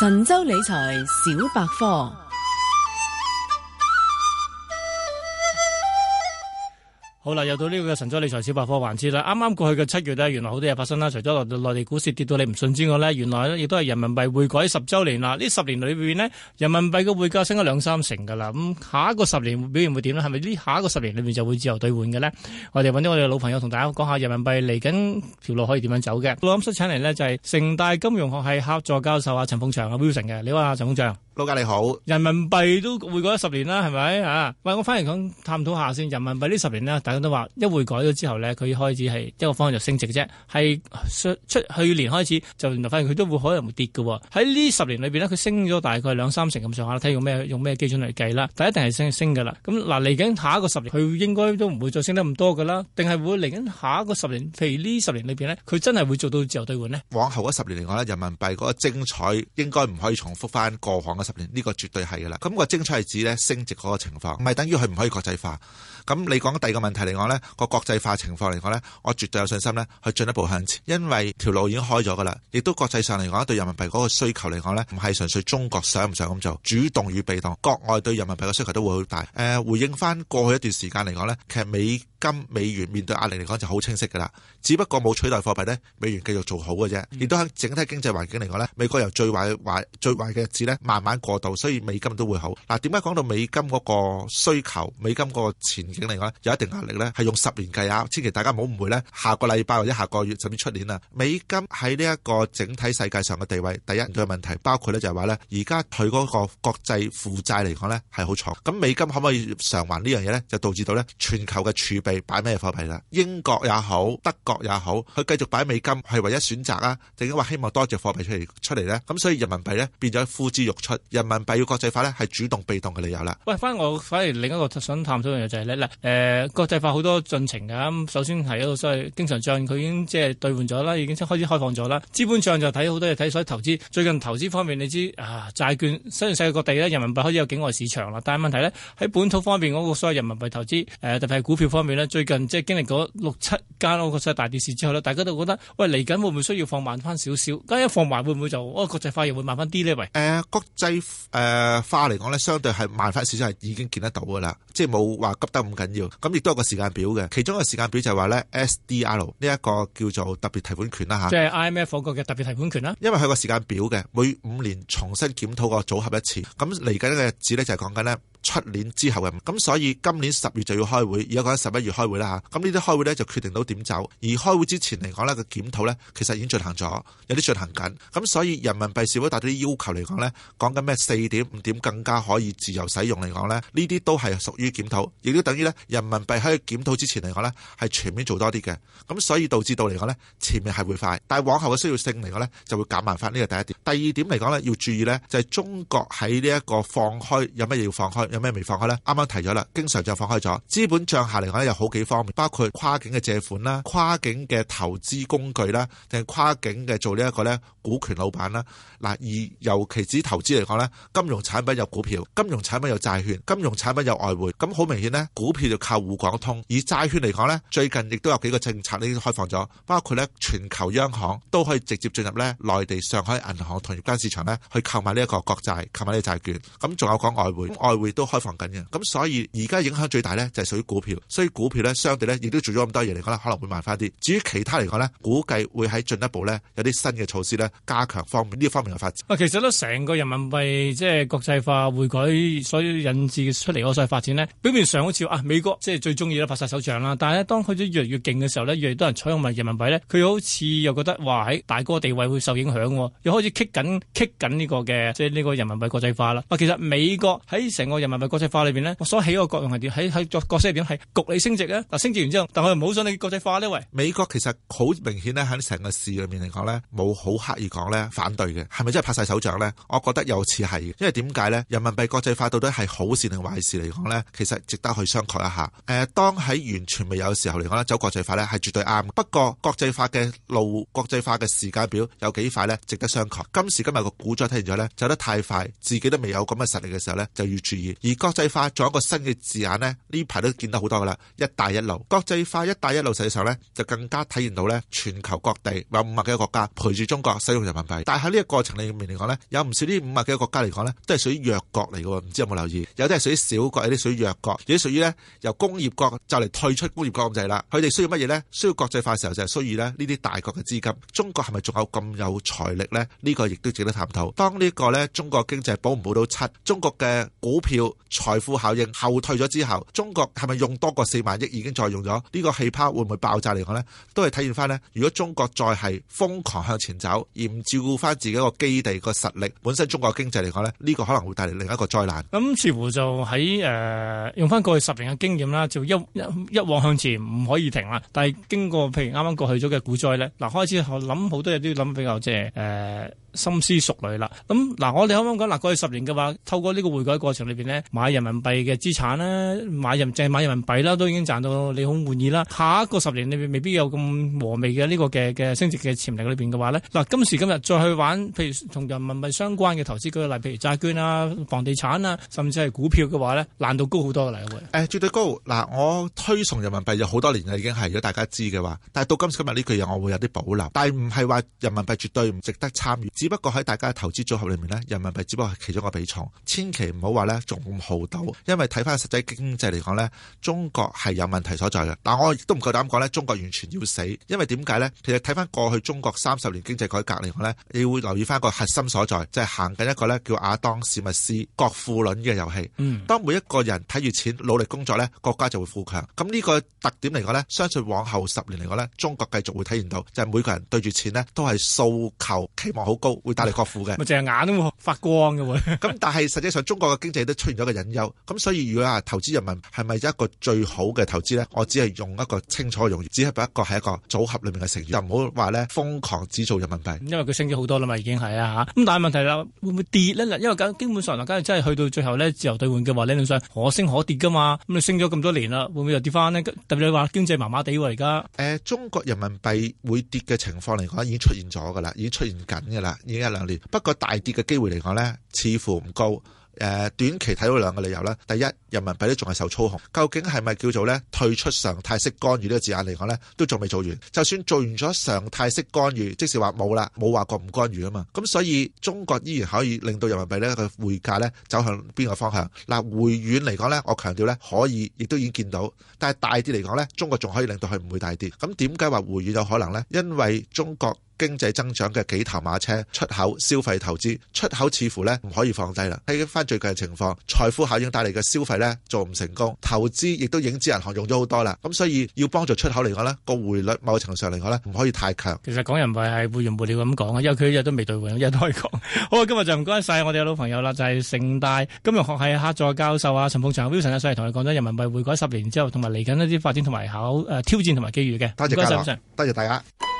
神州理財小百科。好啦，又到呢個神州理財小百科環節啦。啱啱過去嘅七月呢，原來好多嘢發生啦。除咗內地股市跌到你唔信之外呢，原來呢亦都係人民幣匯改十周年啦。呢十年裏邊呢，人民幣嘅匯價升咗兩三成噶啦。咁、嗯、下一個十年表現會點咧？係咪呢下一個十年裏面就會自由兌換嘅呢？我哋揾咗我哋嘅老朋友同大家講下人民幣嚟緊條路可以點樣走嘅。我諗出請嚟呢就係城大金融學系客座教授阿陳鳳祥阿 Wilson 嘅。你好，阿陳鳳祥，老格你好。人民幣都匯改咗十年啦，係咪啊？喂、哎，我反而講探討下先，人民幣呢十年呢。話一匯改咗之後咧，佢開始係一個方向就升值嘅啫，係出去年開始就原來發現佢都會可能會跌嘅喎。喺呢十年裏邊咧，佢升咗大概兩三成咁上下，睇用咩用咩基準嚟計啦。但一定係升升嘅啦。咁嗱嚟緊下一個十年，佢應該都唔會再升得咁多噶啦，定係會嚟緊下一個十年，譬如呢十年裏邊咧，佢真係會做到自由兌換呢？往後嗰十年嚟講咧，人民幣嗰個精彩應該唔可以重複翻過往嗰十年，呢個絕對係噶啦。咁個精彩係指咧升值嗰個情況，唔係等於佢唔可以國際化。咁你講第二個問題。嚟講呢個國際化情況嚟講呢，我絕對有信心呢去進一步向前，因為條路已經開咗噶啦，亦都國際上嚟講對人民幣嗰個需求嚟講呢，唔係純粹中國想唔想咁做，主動與被動，國外對人民幣嘅需求都會好大。誒，回應翻過去一段時間嚟講呢，其實美金美元面對壓力嚟講就好清晰噶啦，只不過冇取代貨幣呢，美元繼續做好嘅啫，亦都喺整體經濟環境嚟講呢，美國由最壞壞最壞嘅日子呢慢慢過渡，所以美金都會好。嗱，點解講到美金嗰個需求、美金嗰個前景嚟講有一定壓力？咧係用十年計啊！千祈大家唔好誤會咧，下個禮拜或者下個月甚至出年啦。美金喺呢一個整體世界上嘅地位，第一對嘅問題，包括咧就係話咧，而家佢嗰個國際負債嚟講咧係好重。咁美金可唔可以償還呢樣嘢咧？就導致到咧全球嘅儲備擺咩貨幣啦？英國也好，德國也好，佢繼續擺美金係唯一選擇啊！定係話希望多隻貨幣出嚟出嚟咧？咁所以人民幣咧變咗呼之欲出，人民幣要國際化咧係主動被動嘅理由啦。喂，反而我反而另一個想探討嘅嘢就係咧嗱，呃國好多進程嘅，首先係一個所謂經常賬，佢已經即係兌換咗啦，已經開始開放咗啦。資本賬就睇好多嘢睇，所以投資最近投資方面，你知啊，債券雖然世界各地咧，人民幣開始有境外市場啦，但係問題咧喺本土方面嗰個所謂人民幣投資誒，特別係股票方面呢，最近即係經歷嗰六七間嗰個世界大跌市之後呢，大家都覺得喂，嚟緊會唔會需要放慢翻少少？咁一放慢會唔會就國際化又會慢翻啲呢？喂，誒，國際誒化嚟講呢，相對係慢翻少少，係已經見得到噶啦，即係冇話急得咁緊要，咁亦都係個。時間表嘅其中一個時間表就係話咧，S D R 呢一個叫做特別提款權啦吓，即係 I M F 嗰個嘅特別提款權啦。因為佢個時間表嘅每五年重新檢討個組合一次，咁嚟緊呢個日子咧就係講緊咧出年之後嘅，咁，所以今年十月就要開會，而家講緊十一月開會啦吓。咁呢啲開會咧就決定到點走，而開會之前嚟講咧個檢討咧其實已經進行咗，有啲進行緊咁，所以人民幣是否達到啲要求嚟講咧，講緊咩四點五點更加可以自由使用嚟講咧，呢啲都係屬於檢討，亦都等於咧人民幣。檢討之前嚟講呢，係全面做多啲嘅，咁所以導致到嚟講呢，前面係會快，但係往後嘅需要性嚟講呢，就會減慢翻。呢個第一點。第二點嚟講呢，要注意呢，就係、是、中國喺呢一個放開有乜嘢要放開，有乜嘢未放開呢？啱啱提咗啦，經常就放開咗。資本帳下嚟講呢，有好幾方面，包括跨境嘅借款啦、跨境嘅投資工具啦，定係跨境嘅做呢一個呢，股權老闆啦。嗱，而尤其指投資嚟講呢，金融產品有股票、金融產品有債券、金融產品有外匯，咁好明顯呢，股票就靠滬港。同以債券嚟講呢，最近亦都有幾個政策已經開放咗，包括呢全球央行都可以直接進入呢內地上海銀行同業間市場呢去購買呢一個國債、購買呢個債券。咁仲有講外匯、嗯，外匯都開放緊嘅。咁所以而家影響最大呢，就係屬於股票，所以股票呢，相對呢，亦都做咗咁多嘢嚟講呢，可能會慢翻啲。至於其他嚟講呢，估計會喺進一步呢有啲新嘅措施呢加強方面呢方面嘅發展。啊，其實都成個人民幣即係國際化匯改所引致出嚟嗰個發展呢，表面上好似啊美國即係最中拍晒手掌啦，但係咧，當佢啲越嚟越勁嘅時候咧，越嚟越多人採用埋人民幣咧，佢好似又覺得哇喺大哥地位會受影響，又開始棘緊棘緊呢個嘅即係呢個人民幣國際化啦。嗱，其實美國喺成個人民幣國際化裏邊咧，我所起個作用係點？喺喺作角色係點？係局你升值咧，嗱，升值完之後，但係我又唔好想你國際化呢。喂！美國其實好明顯咧，喺成個事裏面嚟講咧，冇好刻意講咧反對嘅，係咪真係拍晒手掌咧？我覺得有似係，因為點解咧？人民幣國際化到底係好事定壞事嚟講咧？其實值得去商榷一下。誒、呃，當當喺完全未有嘅時候嚟講呢，走國際化呢係絕對啱。不過國際化嘅路，國際化嘅時間表有幾快呢？值得商榷。今時今日個股再體現咗呢，走得太快，自己都未有咁嘅實力嘅時候呢，就要注意。而國際化仲有一個新嘅字眼呢，呢排都見得好多噶啦，一帶一路國際化，一帶一路實際上呢，就更加體現到呢，全球各地有五萬幾個國家陪住中國使用人民幣。但係喺呢個過程裏面嚟講呢，有唔少呢五萬幾個國家嚟講呢，都係屬於弱國嚟噶喎。唔知有冇留意？有啲係屬於小國，有啲屬於弱國，有啲屬於呢，由工業國。就嚟退出工業國際啦！佢哋需要乜嘢呢？需要國際化嘅時候就係、是、需要咧呢啲大國嘅資金。中國係咪仲有咁有財力呢？呢、這個亦都值得探討。當呢個呢中國經濟保唔保到七？中國嘅股票財富效應後退咗之後，中國係咪用多過四萬億已經再用咗？呢、這個氣泡會唔會爆炸嚟講呢？都係體現翻呢：如果中國再係瘋狂向前走，而唔照顧翻自己個個基地個實力，本身中國經經濟嚟講呢，呢、這個可能會帶嚟另一個災難。咁似乎就喺誒、呃、用翻過去十年嘅經驗啦，就一一往向前唔可以停啦，但係經過譬如啱啱過去咗嘅股災咧，嗱，開始我諗好多嘢都要諗比較即係誒。呃心思熟慮啦，咁嗱、啊，我哋啱啱講嗱，過去十年嘅話，透過呢個匯改過程裏邊呢，買人民幣嘅資產咧，買人淨係買人民幣啦，都已經賺到你好滿意啦。下一個十年裏邊未必有咁和味嘅呢個嘅嘅升值嘅潛力裏邊嘅話呢。嗱、啊，今時今日再去玩，譬如同人民幣相關嘅投資舉例，譬如債券啊、房地產啊，甚至係股票嘅話呢，難度高好多嘅。例、呃、誒，絕對高。嗱、呃，我推崇人民幣有好多年啦，已經係如果大家知嘅話，但係到今時今日呢句嘢，我會有啲保留，但係唔係話人民幣絕對唔值得參與。只不過喺大家投資組合裏面呢，人民幣只不過係其中一個比重，千祈唔好話呢，仲咁好賭，因為睇翻個實際經濟嚟講呢，中國係有問題所在嘅。但我亦都唔夠膽講呢，中國完全要死，因為點解呢？其實睇翻過去中國三十年經濟改革嚟講呢，你會留意翻一個核心所在，就係行緊一個呢叫亞當史密斯國富論嘅遊戲。嗯，當每一個人睇住錢努力工作呢，國家就會富強。咁呢個特點嚟講呢，相信往後十年嚟講呢，中國繼續會體現到，就係、是、每個人對住錢呢，都係訴求期望好高。會帶嚟擴富嘅，咪淨係眼都會發光嘅喎。咁 但係實際上中國嘅經濟都出現咗個隱憂，咁所以如果啊投資人民幣係咪一個最好嘅投資咧？我只係用一個清楚嘅用語，只係一個係一個組合裏面嘅成員，就唔好話咧瘋狂只做人民幣。因為佢升咗好多啦嘛，已經係啊吓。咁但係問題啦，會唔會跌咧？因為咁基本上大家真係去到最後咧自由兌換嘅話，理論上可升可跌噶嘛。咁你升咗咁多年啦，會唔會又跌翻呢？特別你話經濟麻麻地喎，而家。誒、呃，中國人民幣會跌嘅情況嚟講，已經出現咗噶啦，已經出現緊噶啦。嗯已經一兩年，不過大跌嘅機會嚟講呢，似乎唔高。誒短期睇到兩個理由呢，第一，人民幣咧仲係受操控，究竟係咪叫做呢退出常態式干預呢個字眼嚟講呢？都仲未做完。就算做完咗常態式干預，即使話冇啦，冇話過唔干預啊嘛。咁所以中國依然可以令到人民幣呢個匯價呢走向邊個方向？嗱，回軟嚟講呢，我強調呢，可以，亦都已經見到。但係大跌嚟講呢，中國仲可以令到佢唔會大跌。咁點解話回軟有可能呢？因為中國，經濟增長嘅幾頭馬車，出口、消費、投資，出口似乎咧唔可以放低啦。喺翻最近嘅情況，財富效應帶嚟嘅消費咧做唔成功，投資亦都影子銀行用咗好多啦。咁所以要幫助出口嚟講咧，個匯率某程度上嚟講咧唔可以太強。其實講人幣係活用活料咁講，因為佢一日都未兌匯，一日都可以講。好啊，今日就唔該晒我哋嘅老朋友啦，就係、是、盛大金融學系客座教授啊陳鳳祥 Wilson，上嚟同你講咗人民幣匯改十年之後，同埋嚟緊一啲發展同埋考誒、呃、挑戰同埋機遇嘅。多謝教多謝，謝大家。謝謝大家。